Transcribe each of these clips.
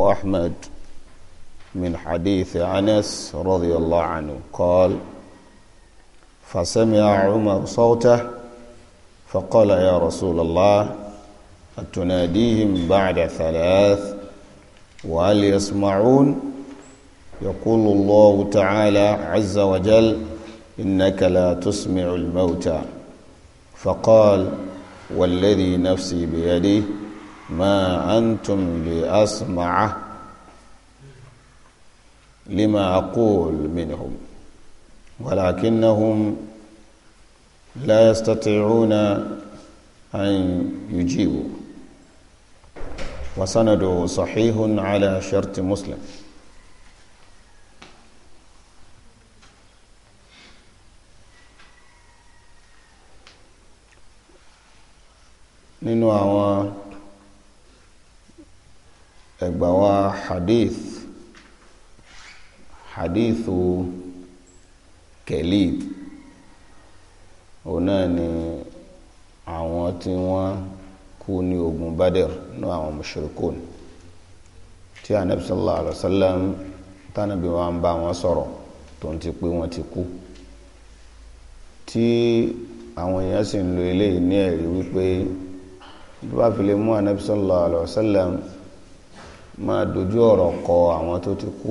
وأحمد من حديث أنس رضي الله عنه قال فسمع عمر صوته فقال يا رسول الله أتناديهم بعد ثلاث وهل يسمعون يقول الله تعالى عز وجل إنك لا تسمع الموتى فقال والذي نفسي بيده ما أنتم بأسمع لما أقول منهم ولكنهم لا يستطيعون أن يجيبوا وسنده صحيح على شرط مسلم nínú àwọn ẹgbàwa hadith hadithu kelib òun náà ni àwọn tí wọ́n kú ní ogun badr ní àwọn mushrikun tí anabi sallallahu alaihi wa sallam tánàbí wa ń bá wọn sọ̀rọ̀ tó ń ti pé wọ́n ti kú tí àwọn èèyàn sì ń lo eléyìí ní ẹ̀rí wípé bí wọ́n fi lè mú anabi sallallahu alaihi wa máa dojú ọ̀rọ̀ kọ àwọn tó ti kú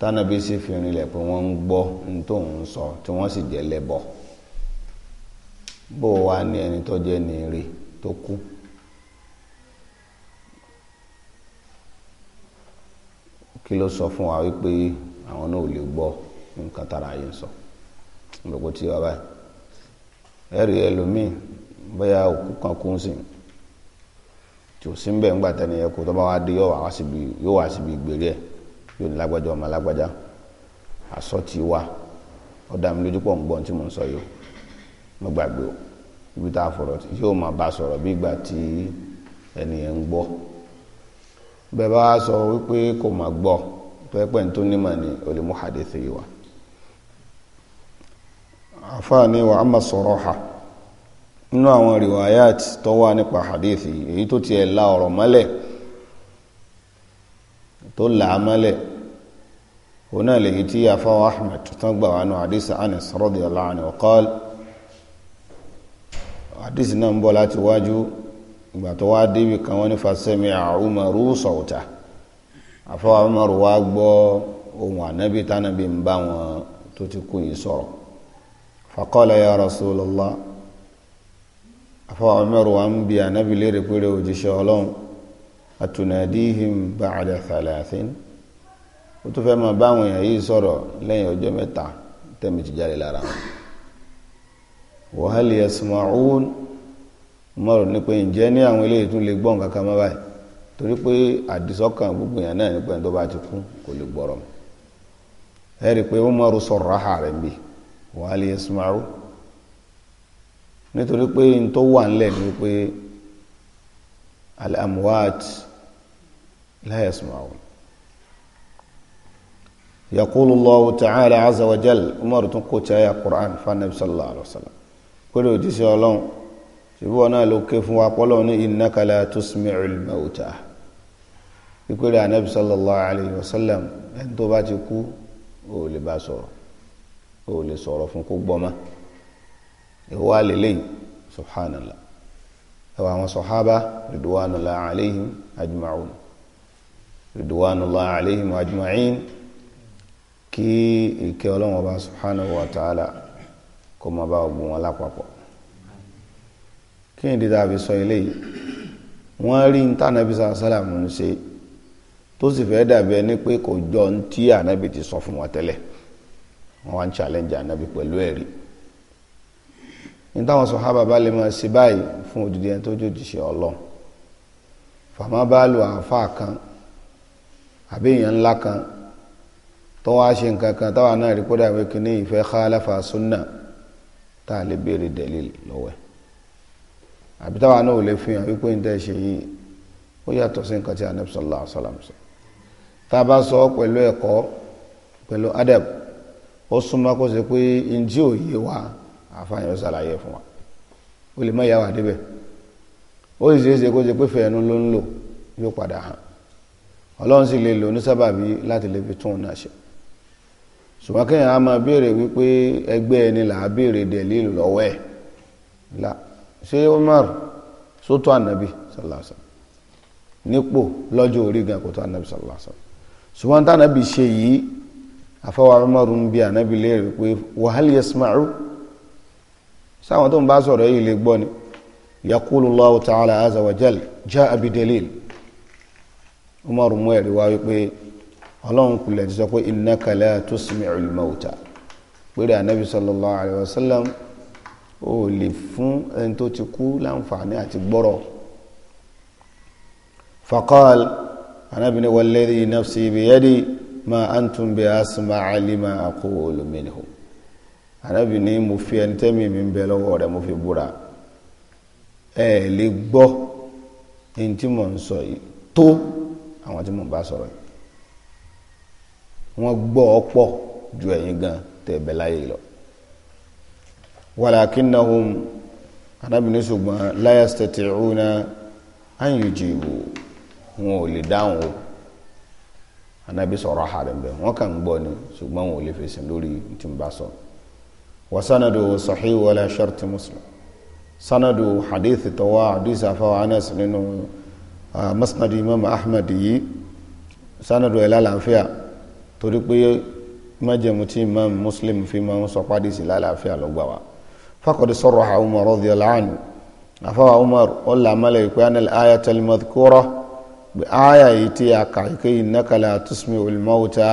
tánàbí sì fi rinlẹ̀ pé wọ́n ń gbọ́ ní tó ń sọ tí wọ́n sì jẹ́ lẹ́bọ̀ bó wá ní ẹni tó jẹ́ ní tó kú kí ló sọ fún wa wípé àwọn náà ò lè gbọ́ nǹkan tára yìí ń sọ ìgbàgbọ́ tí wá báyìí ẹ̀rí ẹlòmíì bóyá òkú kan kú sí i kò sí ń bẹ̀ ń gbàtẹ́ ni ẹ̀kọ́ tó bá wá dé yóò wá síbi yóò wá síbi ìgbèrè ẹ̀ yóò ní lágbájá ọmọ àsọ ti wá ó mi lójú pọ̀ ń gbọ́n tí mò ń sọ yìí mo gbàgbé o ibi tá a fọ̀rọ̀ tí yóò máa bá sọ̀rọ̀ bí ìgbà tí ẹnìyẹn ń sọ wípé kò máa gbọ́ pẹ́pẹ́ tó nímọ̀ ni wá àfáà ni wàá má sọ̀rọ̀ ha. nínú àwọn riwayat tó wà nípa hadithi èyí tó ti ẹ̀la ọ̀rọ̀ mọ́lẹ̀ tó là á mọ́lẹ̀ òun náà lèyí tí afáwọ ahmed tán gbà wà nù hadith anas radiyallahu anhu qal hadith náà ń bọ̀ láti wájú ìgbà tó wá débi kan wọ́n ní fasẹ́mi umaru sawta afáwọ umaru wá gbọ́ ohun ànábì tánàbì ń bá wọn tó ti kú yìí sọ̀rọ̀ faqala ya rasulallah afọ Umar wa ń bi ànábì léèrè péré òjíṣẹ́ ọlọ́run atunadihim ba'da thalathin ó tún fẹ́ máa bá àwọn èèyàn yìí sọ̀rọ̀ lẹ́yìn ọjọ́ mẹ́ta ti jáde lára wa hal yasma'un mọ̀rọ̀ ní pé ǹjẹ́ ní àwọn eléyìí tún lè kan gbogbo èèyàn naa nípa ẹni tó ti ẹ nítorí pé n tó wà ńlẹ̀ ni pé al-amwat la yasma'un يقول الله تعالى عز وجل عمر تنقوت يا قرآن فالنبي صلى الله عليه وسلم قلوا جيسي الله سيبونا لو كيف وقالوا إنك لا تسمع الموتى يقول يا نبي صلى الله عليه وسلم أنتو باتكو أولي باسور أولي صورة فنكو بما ìwọ àlélẹ́yìn subhanallah ẹwà àwọn sọ̀hábà ridwanullah alayhim ajma'un ridwanullah alayhim ajma'in kí ìkẹ́ ọlọ́wọ́n bá subhanahu wa ta'ala kó máa bá ọgbọ̀n wọn lápapọ̀ kí ni dídá fi sọ eléyìí wọ́n rí ní tànàbí sàlám ń ṣe tó sì fẹ́ dàbí ẹni pé kò jọ ní tí ànábì ti sọ fún wọn tẹ́lẹ̀ wọ́n wá ń challenge ànábì pẹ̀lú ẹ̀rí ní táwọn sọ̀hábà bá lè máa ṣe báyìí fún òdìdí ẹni tó jòjìṣẹ́ ọlọ́ fàmá bá lu àáfàá kan àbí èèyàn ńlá kan tó wá ṣe nǹkan kan táwa náà rí kódà pé kí ní ìfẹ́ khalafa súnà tá a lè béèrè dẹ̀lí lọ́wọ́ ẹ̀ àbí táwa náà ò lè fi hàn wípé ní tẹ́ ṣe yìí ó yàtọ̀ sí nǹkan tí anabi sallallahu alaihi wasallam sọ tá a bá sọ pẹ̀lú ẹ̀kọ́ pẹ̀lú adab ó súnmọ́ kó ṣe pé njẹ́ òye wa àfààní ó ṣàlàyé fún wa ó lè má yà wà débẹ̀ ó sì ṣeéṣe kó ṣe pé fẹ̀ẹ́nu ló ń lò yóò padà hàn ọlọ́run sì lè lò ní sábàbí láti lè fi tún un náà ṣe ṣùgbọ́n kéèyàn á máa béèrè wípé ẹgbẹ́ ẹni là á béèrè dẹ̀lí lọ́wọ́ ẹ̀ la ṣé Umar sótó ànábì sallallahu nípò lọ́jọ́ orí gan kò tó ànábì sallallahu ṣùgbọ́n tá ànábì ṣe yìí àfọwọ́ Umar ń bi ànábì léèrè pé wa hal yasma'u sáwọn tó ń bá sọ̀rọ̀ yìí lè gbọ́ ni yakulu Allahu ta'ala azza wa jal jaa bi dalil umar mu ẹ̀rí wá wípé ọlọ́run kulẹ̀ ti sọ pé innaka la tusmi'ul mauta pèrè ànábì sallallahu alayhi wa sallam ó lè fún ẹni tó ti kú láǹfààní àti gbọ́rọ̀ faqal ànábì ni walladhi nafsi biyadi ma antum bi asma'a lima aqulu minhu ànábì ní mo fi ẹni tẹ́mi mi ń bẹ lọ́wọ́ rẹ̀ mo fi búra ẹ lè gbọ́ ẹni tí mò ń sọ yìí tó àwọn tí mò ń bá sọ̀rọ̀ yìí wọ́n gbọ́ ọ pọ̀ ju ẹ̀yin gan tẹ̀ bẹ láyé lọ walakinnahum arábìnrin ṣùgbọ́n la yastati'una an yujibu wọn ò lè dáhùn o anábì sọ̀rọ̀ àhàrẹ̀ bẹ̀ wọ́n kàn ń gbọ́ ni ṣùgbọ́n wọn ò lè fèsì lórí tí ń bá وسنده صحيح ولا شرط مسلم سند حديث توا حديث أفا أنس لأنه مسند إمام أحمد يي سند إلى العافية تريد májẹ̀mú tí imam muslim fi máa ń sọ pàdé sí lálàáfíà lọ́gbà wa faqad sarraha umar radiyallahu anhu afáwà umar ọlá amálẹ̀ ìpé anil ayatul madhkura bí aya yìí tí a kà ìkéyìn innaka la tusmi'ul mawta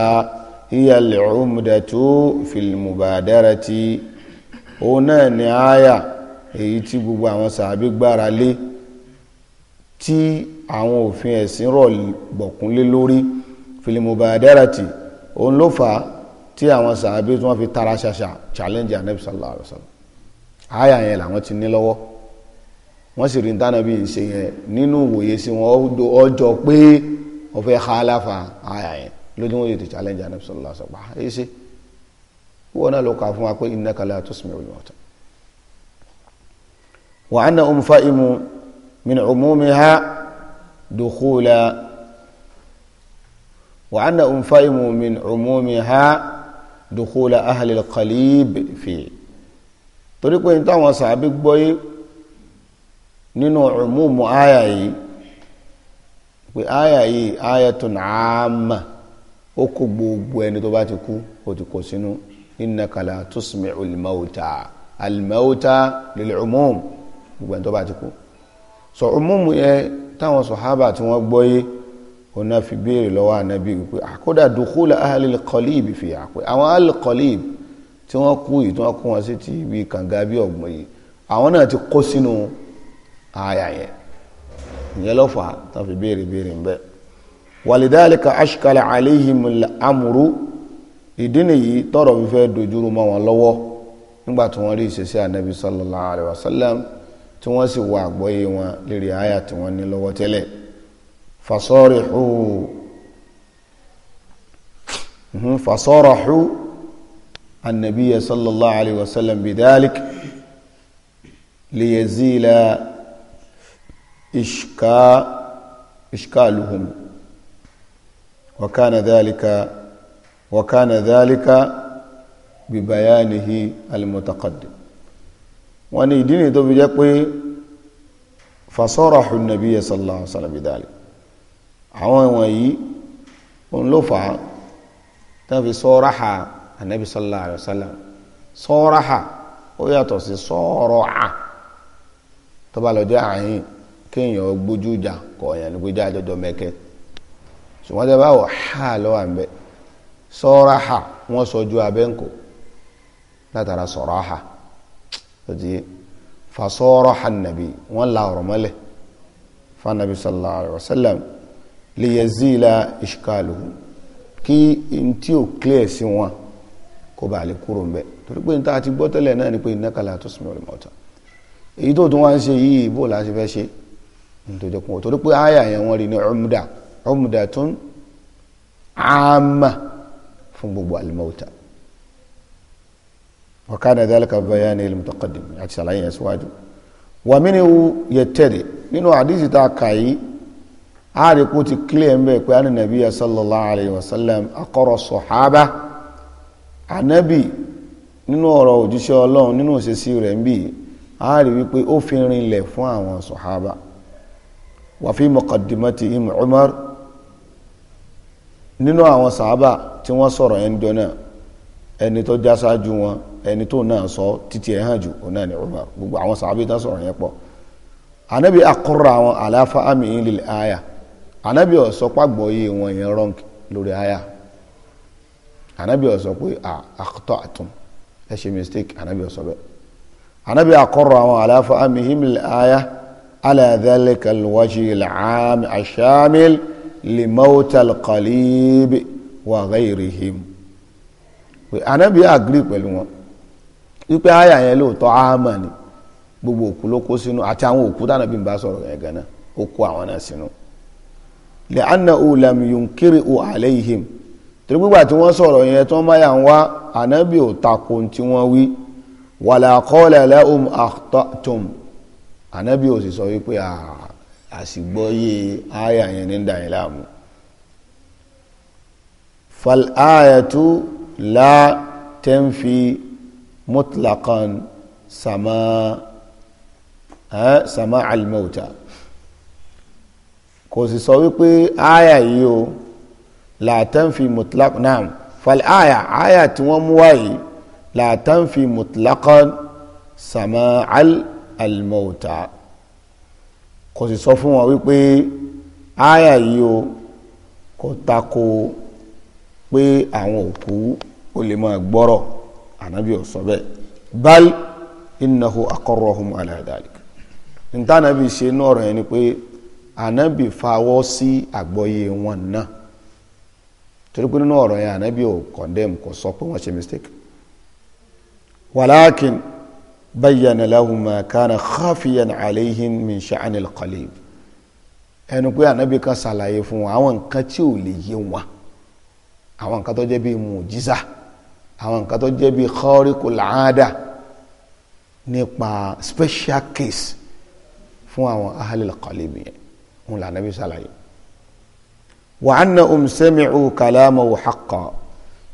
هي al-umdatu fil mubadarati òun náà ni àyà èyí tí gbogbo àwọn sàábí gbára lé tí àwọn òfin ẹ̀sìn rọ̀ gbọ̀kúnlé lórí fil mubadarati òun ló fà á tí àwọn sàábí tí wọ́n fi tara ṣàṣà challenge anabi sallallahu alaihi wa sallam àyà yẹn làwọn ti ní lọ́wọ́ wọ́n sì rí ntánàbí ṣe yẹn nínú ìwòye sí wọn ọjọ́ pé wọ́n fẹ́ halafa àyà yẹn lójú wọn yóò ti challenge anabi sọlá sọpá èyí ṣe wọn náà ló kà fún wa pé innaka la tusmi'ul mauta wa anna um fa'imu min umumiha dukhula wa anna um fa'imu min umumiha dukhula ahlil qalib fi torí pé ní táwọn sàábí gbọ́yé nínú umumu aya yìí pé aya yìí ayatun amma ó kó gbogbo ẹni tó bá ti kú ó ti kó sínú innaka la tusmi'ul mauta al mauta lil umum gbogbo ẹni tó bá ti kú sọ umum yẹn táwọn sọ̀hábà tí wọ́n gbọ́ yé òun náà fi béèrè lọ́wọ́ ànábì wípé àkódà dukhula ahlil qalib fi àpè àwọn ahlil qalib tí wọ́n kú yìí tí wọ́n kú wọn sí ti ibi kànga bí ọ̀gbìn yìí àwọn náà ti kó sínú àyà yẹn ìyẹn lọ́fà tó fi béèrè béèrè ń bẹ́ẹ̀ wàlídàálíkà ashkala alayhimul amru ìdí nìyí tọrọ fífẹ́ dojúrú mọ́ wọn lọ́wọ́ nígbà tí wọ́n rí ìṣesí ànábi sallallahu alayhi wa sallam tí wọ́n sì wọ àgbọ́yé wọn lérí àyà tí wọ́n ní lọ́wọ́ tẹ́lẹ̀ fasarihu mhm, fasarahu sallallahu alayhi wa sallam bidhalik liyazila ishka ishkaluhum وكان ذلك وكان ذلك ببيانه المتقدم وأن ديني تو بيجي فصرح النبي صلى الله عليه وسلم بذلك àwọn wọ̀nyí òun ló fà á tàbí sọ́ọ́ráhà ànábi sallallahu alaihi wasallam sọ́ọ́ráhà ó yàtọ̀ sí sọ́ọ̀rọ̀ à tó bá lọ́jọ́ àyìn kéèyàn gbójú ìjà kọ̀ọ̀yàn nígbèjà àjọjọ mẹ́kẹ́ ṣùgbọ́n tẹ bá wọ̀ ha lọ́wọ́ à ń bẹ sọ́ra ha wọ́n sọ ju abẹ́ ń kò látara sọ̀rọ̀ ha ó ti fa sọ́rọ̀ ha nàbí wọ́n la ọ̀rọ̀ mọ́lẹ̀ fa nàbí sallallahu alayhi wa sallam lè yẹ zila ishkaluhu kí n tí ò clear sí wọn kó ba lè kúrò ń bẹ torí pé n ta ti gbọ́ tẹ́lẹ̀ náà ni pé innaka la tusmi'ul mauta èyí tó tún wá ń ṣe yìí bó la ṣe fẹ́ ṣe nítorí pé àyà yẹn wọ́n rí ní umda umdatun amma fún gbogbo alimọta wa kana dhalika bayani al-mutaqaddim àti sàlàyé yẹn síwájú wa minhu yattadi nínú àdìsí tá a kà yìí ààrẹ kó ti kílẹ̀ ń bẹ̀ pé ànàbíyà sallallahu alayhi wa sallam akọrọ sọ̀hábà ànábì nínú ọ̀rọ̀ òjíṣẹ́ ọlọ́run nínú òṣèṣì rẹ̀ ń bì ààrẹ wípé ó fi rinlẹ̀ fún àwọn sọ̀hábà wà fi muqaddimati im umar nínú àwọn sàábà tí wọ́n sọ̀rọ̀ ẹni jọ náà ẹni tó já sáájú wọn ẹni tó náà sọ títí ẹ̀ hàn jù òun náà ní Umar gbogbo àwọn sàábà tó sọ̀rọ̀ yẹn pọ̀ anabi akọrọ àwọn àlàáfà àmì ìlìlì àyà anabi ọ̀sọ́pàgbọ́ yìí wọn yẹn rọ́ǹk lórí àyà anabi ọ̀sọ́ pé àkọ́tọ̀ àtún ẹ ṣe mistake anabi ọ̀sọ́ bẹ́ẹ̀ anabi akọrọ àwọn àlàáfà àmì ìlìlì àyà alẹ́ àdẹ́lẹ́kẹ̀lẹ́wájú ìlàámi àṣàmìlì li mawtal qalib wa ghayrihim ànábì àgírí pẹ̀lú wọn wípé àyà yẹn lóòótọ́ àmà ni gbogbo òkú ló kó sínú àti àwọn òkú tánàbí ń bá sọ̀rọ̀ yẹn gan náà ó kó àwọn náà sínú li'annahu lam yunkiri'u alayhim torí gbígbà tí wọ́n sọ̀rọ̀ yẹn tó máa yà ń wá ànábì ò takò tí wọ́n wí wala qala lahum akhta'tum ànábì ò sì sọ wípé àà àsìgbọ́yé àyà yẹn ní dàn láàmú fal'ayatu la tanfi mutlaqan sama ha sama al-mauta kò sì sọ wípé àyà yìí o la tanfi mutlaqan naam fal'aya àyà tí wọ́n mú wáyé la tanfi mutlaqan sama al-mauta al kò sì sọ fún wọn wípé áyà yìí o kò tako pé àwọn òkú ó lè máa gbọ́rọ̀ ànábì ò sọ bẹ́ẹ̀ bal innahu aqarrahum ala dhalik ntànàbì ṣe inú ọ̀rọ̀ yẹn ni pé ànábì fawọ́ sí àgbọ́yé wọn náà torí pé nínú ọ̀rọ̀ yẹn ànábì ò condemn kò sọ pé wọ́n ṣe mistake walakin. بين lahum ما كان خافيا عليهم من شأن al-qalib ẹnu pé ànábì kan ṣàlàyé fún wọn àwọn nǹkan tí ò lè yé wọn àwọn nǹkan tó jẹ́ bíi mùjísà àwọn nǹkan tó jẹ́ bíi khariqul aada nípa special case fún àwọn ahlil qalib yẹn wọn là ànábì ṣàlàyé wa annahum sami'u kalamahu haqqan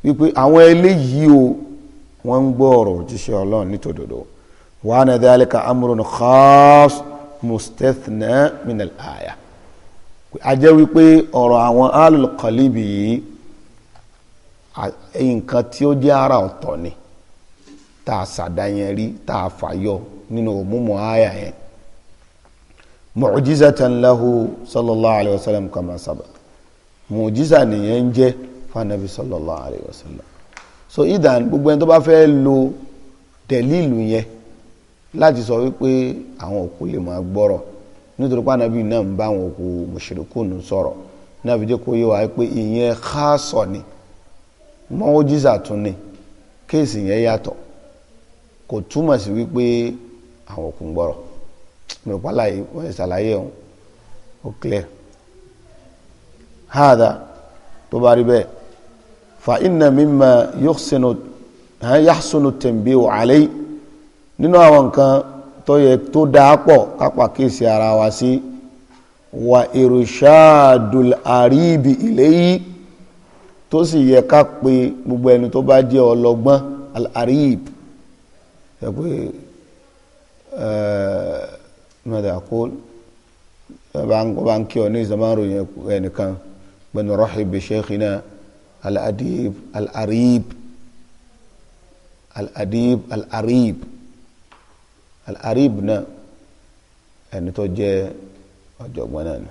wípé àwọn eléyìí o wọ́n ń gbọ́ ọ̀rọ̀ òjíṣẹ́ ọlọ́run nítòdodo. وأنا ذلك أمر خاص مستثنى من الآية ajẹ́ wípé ọ̀rọ̀ àwọn alùkọ̀líbì yìí nǹkan tí ó jẹ́ ara ọ̀tọ̀ ni tá a ṣàdáyẹn rí tá a fàyọ nínú òmùmọ̀ àyà yẹn mu'jizatan lahu sallallahu alayhi wa sallam kama sábà mu'jiza nìyẹn ń jẹ́ fanabi sallallahu alayhi wa sallam so idan gbogbo ẹni tó bá fẹ́ lo dẹ̀lílù yẹn láti sọ wípé àwọn òkú lè máa gbọ́rọ̀ nítorí pé anabi náà ń bá àwọn òkú mùṣírikùn sọ̀rọ̀ náà fi jẹ́ kó yé wa pé ìyẹn káàsọ̀ ni mọ́wójísà tún ni kéèsì yẹn yàtọ̀ kò túmọ̀ sí wípé àwọn òkú gbọ́rọ̀ mùrùpálá yìí wọ́n ṣàlàyé ọ̀hún ó clear hada tó bá rí bẹ́ẹ̀ fa inna mimma yuhsinu yahsunu tanbihu alayhi nínú àwọn nǹkan tó yẹ tó dáa pọ̀ kápá kéèsì ara wa sí wa irshadul àríbi ilayhi tó sì yẹ ká pe gbogbo ẹni tó bá jẹ́ ọlọ́gbọ́n al-arib ẹ pé eh, mẹ́ta kó bá ń kí ọ ní ìsọmọ́rò yẹn ẹnìkan pẹ̀lú rahib shaykhina al-adib al-arib al-adib al-arib. Al al-arib náà ẹni tó jẹ́ ọ̀jọ̀gbọ́n náà ni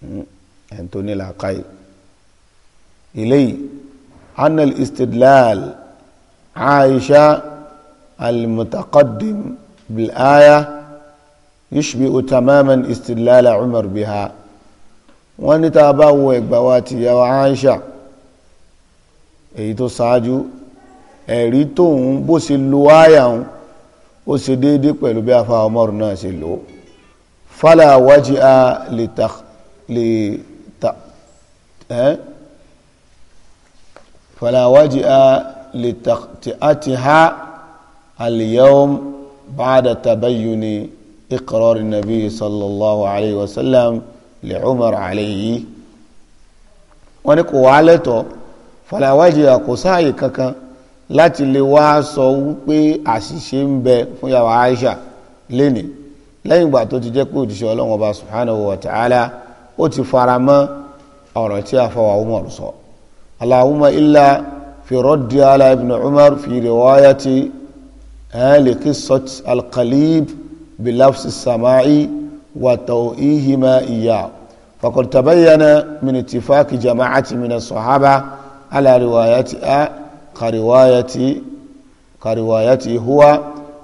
hmm, ẹni tó ní làákàyè eléyìí anal istidlal aisha al-mutaqaddim bil-aya yushbi'u tamaman istidlal umar biha wọ́n ní tá bá wo ẹ̀gbà wa ti yà wá aisha èyí tó ṣáájú ẹ̀rí tóun bó ṣe lo aya òun ó ṣe déédé pẹ̀lú bí afa ọmọrùn náà ṣe lò fálà wájí a lè ta fálà wájí a lè ta ti a ti ha aliyahun bá da ni ikrarin nabi sallallahu alaihi wasallam lè umar alaihi wani kò wá lẹ́tọ̀ fálà a kò sáàyè kankan láti lè wá sọ wípé àṣìṣe ń bẹ fún yàwó Aisha lénìí lẹ́yìn ìgbà tó ti jẹ́ pé òjíṣẹ́ ọlọ́run ọba subhanahu wa ta'ala ó ti fara mọ́ ọ̀rọ̀ tí a fọwọ́ Umar sọ Allahumma illa fi raddi ala ibn Umar fi riwayati li qissat al-qalib bilafsi sama'i wa taw'ihima iya faqad tabayyana jama'ati min as-sahaba ala riwayati كروايتي كروايتي هو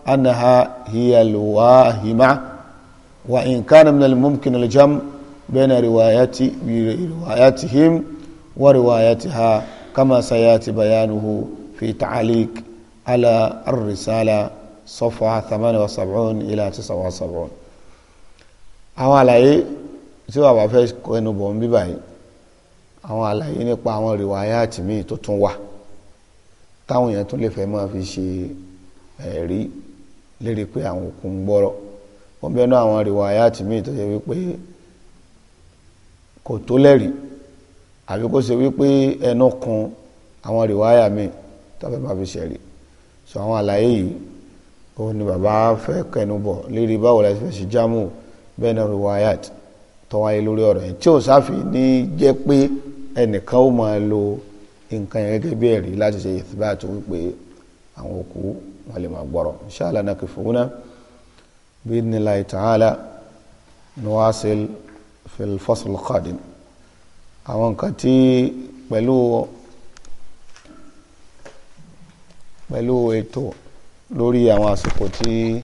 أنها هي الواهمة وإن كان من الممكن الجمع بين روايتي روايتهم وروايتها كما سيأتي بيانه في تعليق على الرسالة صفحة 78 إلى 79 àwọn àlàyé tí wàá wá fẹ́ kọ́ ẹnu bọ̀ ń bíbáyìí àwọn àlàyé nípa àwọn rìwáyà tìmí tó tún táwọn èèyàn tún lè fẹ́ máa fi ṣe ẹ̀rí lérí pé àwọn òkú ń gbọ́rọ̀ wọ́n bẹ́ẹ̀ náà àwọn rìwáyà tì mí tó ṣe wípé kò tó lẹ́rìí àbí kó ṣe wípé ẹnu kun àwọn rìwáyà mi tó fẹ́ máa fi ṣẹ̀rí sọ àwọn àlàyé yìí òun ni bàbá fẹ́ kẹnu bọ̀ lérí báwo la fẹ́ ṣe jámù bẹ́ẹ̀ náà rìwáyà tó wáyé lórí ọ̀rọ̀ yẹn tí ò sáfì ní jẹ́ pé ẹnìkan ó máa lo nǹkan yẹn gẹ́gẹ́ bí ẹ̀rí láti ṣe ìtìbáàtì wípé àwọn òkú wọn lè máa gbọ́rọ̀ inṣàlá náà kìfòwúnà bí nílá ta'ala nuwasil filfosil qadim àwọn nǹkan tí pẹ̀lú pẹ̀lú ètò lórí àwọn àsìkò tí